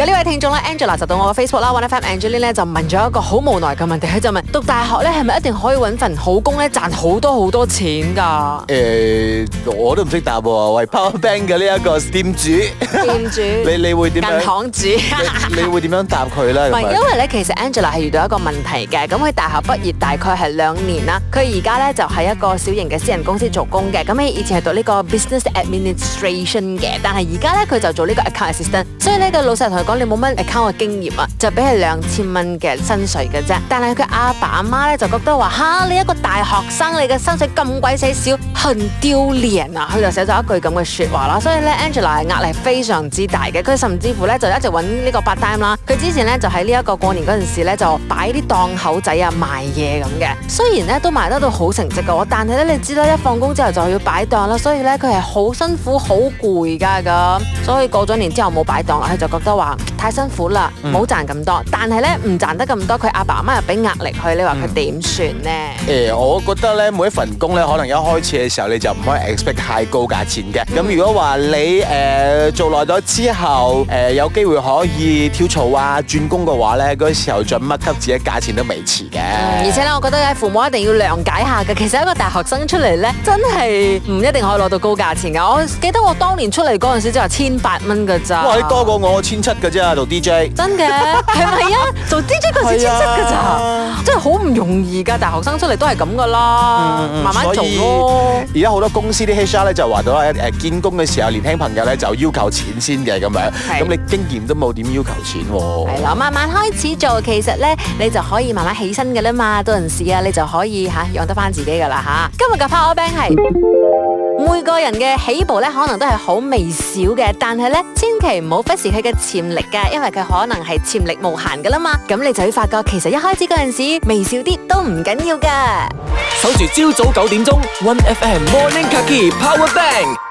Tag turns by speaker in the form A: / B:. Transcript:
A: 有呢位聽眾 Angela 就到我嘅 Facebook 啦，揾咗翻 Angeline 咧，就問咗一個好無奈嘅問題，佢就問讀大學咧，係咪一定可以揾份好工咧，賺好多好多錢㗎？
B: 誒、欸，我都唔識答喎、啊。為 Power Bank 嘅呢一個店主，主， 你你會點樣？店長，你會點樣，行 會樣答佢咧？唔係，因為
A: 咧，其實 Angela 係遇到一個問題嘅。咁佢大學畢業大概係兩年啦，佢而家咧就喺、是、一個小型嘅私人公司做工嘅。咁佢以前係讀呢個 Business Administration 嘅，但係而家咧佢就做呢個 Account Assistant。所以呢對老細同佢。你冇乜 account 嘅經驗啊，就俾佢兩千蚊嘅薪水嘅啫。但係佢阿爸阿媽咧就覺得話嚇、啊、你一個大學生，你嘅薪水咁鬼死少，很丟臉啊！佢就寫咗一句咁嘅説話啦。所以咧，Angela 嘅壓力非常之大嘅。佢甚至乎咧就一直揾呢個 part time 啦。佢之前咧就喺呢一個過年嗰陣時咧就擺啲檔口仔啊賣嘢咁嘅。雖然咧都賣得到好成績嘅，我但係咧你知啦，一放工之後就要擺檔啦，所以咧佢係好辛苦好攰㗎咁。所以過咗年之後冇擺檔，佢就覺得話。太辛苦啦，唔好賺咁多，但係咧唔賺得咁多，佢阿爸阿媽又俾壓力去。你話佢點算呢？誒、嗯欸，
B: 我覺得咧每一份工咧，可能一開始嘅時候你就唔可以 expect 太高價錢嘅。咁、嗯、如果話你誒、呃、做耐咗之後誒、呃、有機會可以跳槽啊轉工嘅話咧，嗰時候再乜給自己價錢都未遲嘅、嗯。而且咧，
A: 我覺得父母一定要諒解下嘅。其實一個大學生出嚟咧，真係唔一定可以攞到高價錢噶。我記得我當年出嚟嗰陣時，就係千八蚊噶咋。哇，多
B: 過我千七。噶啫，做 DJ 真嘅，係咪
A: 啊？ 做 DJ 嗰啲先得噶咋，真係好唔容易噶。大學生出嚟都係咁噶啦，嗯、慢慢做咯。
B: 而家好多公司啲 HR 就話到誒，見工嘅時候年輕朋友咧就要求錢先嘅咁樣。咁的你經驗都冇點要求錢喎。係啦，
A: 慢慢開始做，其實咧你就可以慢慢起身噶啦嘛。到陣時啊，你就可以吓養、啊、得翻自己噶啦吓。今日嘅 Power Bank 係每個人嘅起步咧，可能都係好微小嘅，但係咧千祈唔好忽視佢嘅潛力噶，因為佢可能係潛力無限噶啦嘛，咁你就會發覺，其實一開始嗰陣時微笑啲都唔緊要噶。
B: 守住朝早九點鐘，One FM Morning Kaki
A: Power Bank。